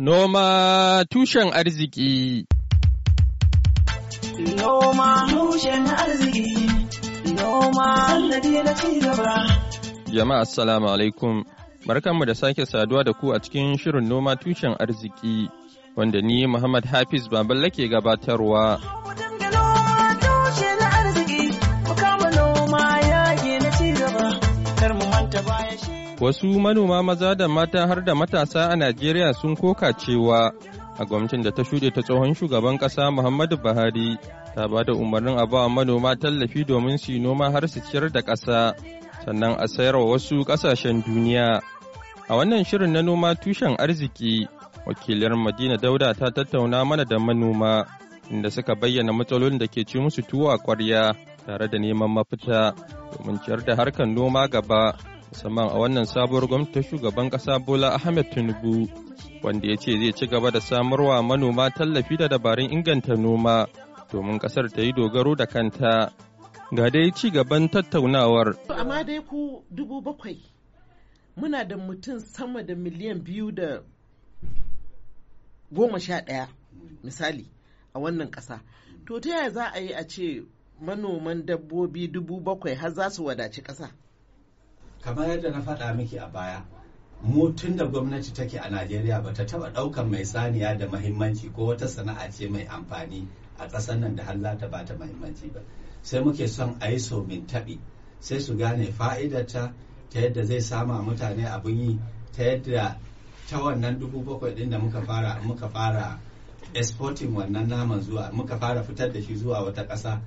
Noma tushen arziki Noma tushen arziki Noma sannadi na gaba Jama'a assalamu alaikum Barkanmu da sake saduwa da ku a cikin shirin noma tushen arziki wanda ni Muhammad Hafiz Baballe ke gabatarwa. Wasu manoma maza da mata har da matasa a Najeriya sun koka cewa a gwamnatin da ta shuɗe ta tsohon shugaban ƙasa Muhammadu Buhari ta ba da umarnin a ba manoma tallafi domin su noma har su ciyar da ƙasa sannan a sayar wa wasu ƙasashen duniya. A wannan shirin na noma tushen arziki, wakiliyar Madina Dauda ta tattauna mana da manoma inda suka bayyana matsalolin da ke ci musu tuwo a kwarya tare da neman mafita domin ciyar da harkar noma gaba. musamman a wannan sabuwar gwamnatin shugaban kasa Bola Ahmed Tinubu wanda ya ce zai ci gaba da samarwa manoma tallafi da dabarun inganta noma domin kasar ta yi dogaro da kanta. Ga dai ci gaban tattaunawar. Amma dai ku dubu bakwai muna da mutum sama da miliyan biyu da goma sha ɗaya misali a wannan ƙasa to ta yaya za a yi a ce manoman dabbobi dubu bakwai har za su wadaci ƙasa kamar yadda na faɗa miki a baya mu da gwamnati take a najeriya ba ta taɓa ɗaukan mai saniya da mahimmanci ko wata sana'a ce mai amfani a ƙasar nan da har ta bata ta mahimmanci ba sai muke son a yi so min taɓi sai su gane fa'idarta ta yadda zai sama mutane abun yi ta yadda ta wannan dubu bakwai ɗin da muka fara muka fara exporting wannan naman zuwa muka fara fitar da shi zuwa wata ƙasa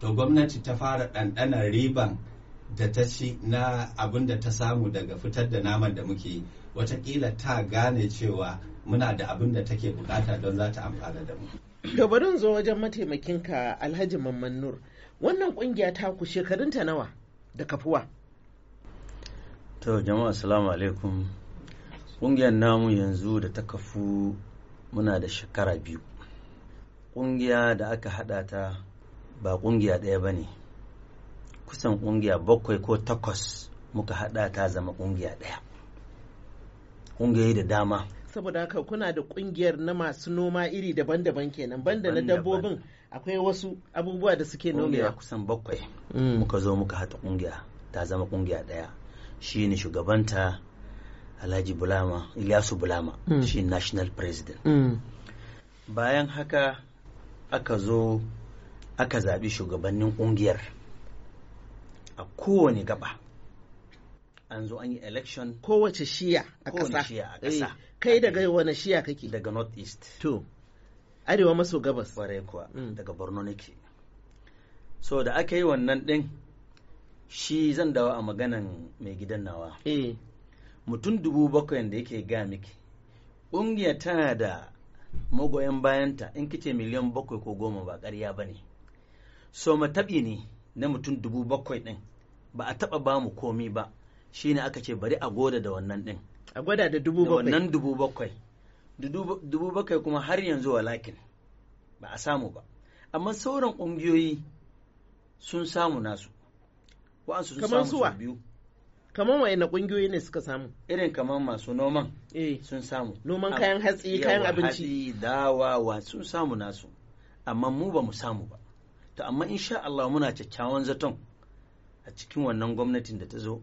to gwamnati ta fara ɗanɗanar riban da ta ci na abin da ta samu daga fitar da naman da muke watakila ta gane cewa muna da abin da take bukata don za ta amfana da mu. To bari zo wajen ka Alhaji Mamman Nur. Wannan kungiya ta ku shekarun ta nawa da kafuwa? To jama'a assalamu alaikum. Kungiyar namu yanzu da ta kafu muna da shekara biyu. Kungiya da aka hada ta ba kungiya ɗaya ba ne. kusan ƙungiya bakwai ko takwas muka haɗa ta zama ƙungiya ɗaya ƙungiyoyi da dama saboda haka kuna da ƙungiyar na masu noma iri daban-daban kenan banda na dabbobin akwai wasu abubuwa da suke nomewa kusan bakwai mm. muka zo muka haɗa ƙungiya ta zama ƙungiya ɗaya shine shugabanta alhaji bulama ilyasu bulama mm. shi national president mm. bayan haka aka zo aka zaɓi shugabannin ƙungiyar a kowane gaba an zo an yi election kowace shiya a ƙasa eh, kai daga wane shiya kake daga north east to arewa maso gabas ƙwarai kuwa mm. daga borno nake so da aka yi wannan ɗin shi zan dawo a maganan mai gidan nawa eh. mutum dubu bakwai da yake ga miki ƙungiyar tana da magoyan bayanta in kice miliyan bakwai ko goma ba ƙarya ba ne so mataɓi ne na mutum dubu bakwai ɗin ba a taɓa ba mu komi ba shine aka ce bari a goda da wannan ɗin a gwada da dubu bakwai wannan dubu bakwai dubu bakwai kuma har yanzu walakin ba a samu ba amma sauran ƙungiyoyi sun samu nasu wa'ansu sun samu su biyu kamar na ƙungiyoyi ne suka samu irin kamar masu noman eh. sun samu noman kayan hatsi kayan abinci dawa wa sun samu nasu amma mu ba mu samu ba to amma insha Allah muna kyakkyawan zaton a cikin wannan gwamnatin da ta zo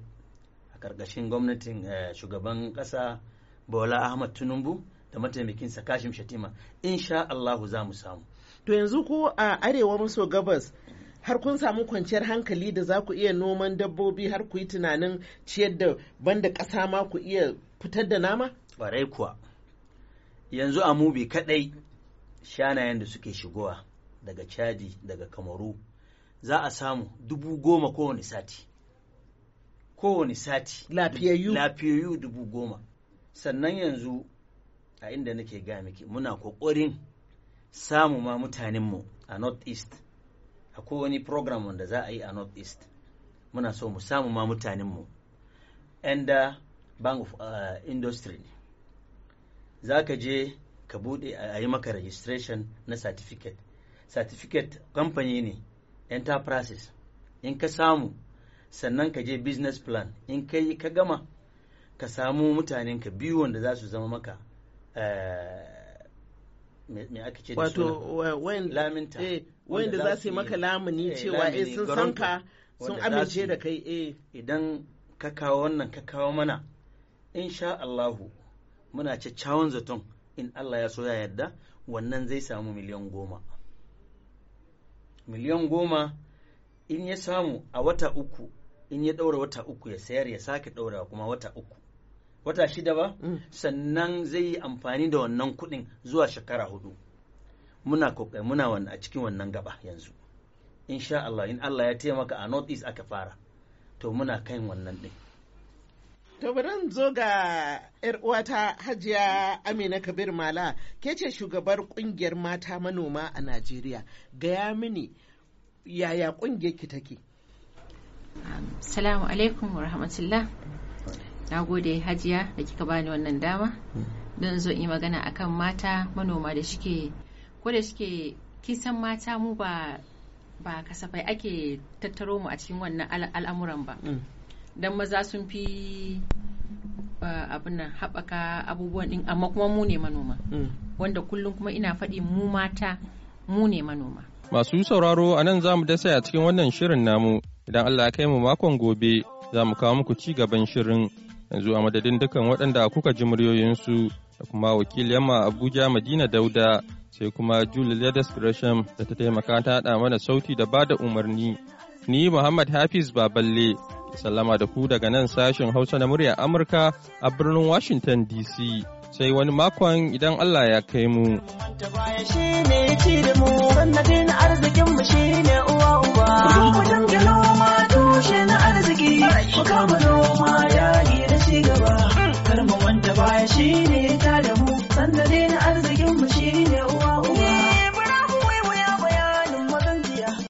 a ƙarƙashin gwamnatin eh, shugaban ƙasa Bola Ahmad Tinubu da mataimakinsa Kashim Shatima insha Allah za mu samu to yanzu ko a arewa maso gabas har kun samu kwanciyar hankali da za ku iya noman dabbobi har ku yi tunanin ciyar da banda ƙasa ma ku iya fitar da nama? Ƙwarai kuwa, yanzu a mubi kaɗai shanayen da suke shigowa daga chadi daga kamaru za a samu dubu goma kowane sati kowane sati lafiyayyu dubu goma sannan yanzu a inda nake ga miki muna kokorin samu ma mutanenmu a north east a wani program wanda za a yi a north east muna so mu samu ma mutanenmu enda uh, bank of uh, industry ne za ka je ka bude a yi maka registration na certificate certificate company ne enterprises in ka samu sannan ka je business plan in ka yi ka gama ka samu mutanen ka biyu wanda za su zama maka eh, me ake ce da suna laminta eh, wanda za su yi maka lamuni eh, cewa eh sun san ka sun amince da kai eh idan ka kawo wannan ka kawo mana insha Allahu muna cawon zaton in Allah ya so ya yarda wannan zai samu miliyan goma miliyan goma in ya samu a wata uku in ya ɗaura wata uku ya sayar ya sake ɗaura kuma wata uku wata shida ba mm. sannan zai yi amfani da wannan kuɗin zuwa shekara hudu muna kokai muna wannan a cikin wannan gaba yanzu insha Allah in Allah ya taimaka a north east aka fara to muna kan wannan ɗin To bari zo ga 'yar uwata Hajiya Amina Kabir Mala, ke ce shugabar kungiyar mata manoma a Najeriya. Gaya mini yaya kungiyar ki take? Assalamu alaikum wa rahmatullah. Na gode Hajiya da kika bani wannan dama. Don zo yi magana akan mata manoma da shike ko da shike kisan mata mu ba ba kasafai ake tattaro mu a cikin wannan al'amuran ba. Mm. dan maza sun fi uh, abin nan haɓaka abubuwan din amma kuma mu ne manoma mm. wanda kullum kuma ina faɗi mu mata mu ne manoma masu sauraro a nan za mu dasa a cikin wannan shirin namu idan allah ya kai mu makon gobe za mu kawo muku ci gaban shirin yanzu a madadin dukan waɗanda kuka ji muryoyinsu da kuma wakil yamma abuja madina dauda sai kuma julia discretion da ta taimaka ta haɗa mana sauti da bada umarni ni muhammad hafiz baballe sallama da ku daga nan sashen Hausa na muryar Amurka a birnin Washington DC. Sai wani makon idan Allah ya kai mu. arzikin mu shine uwa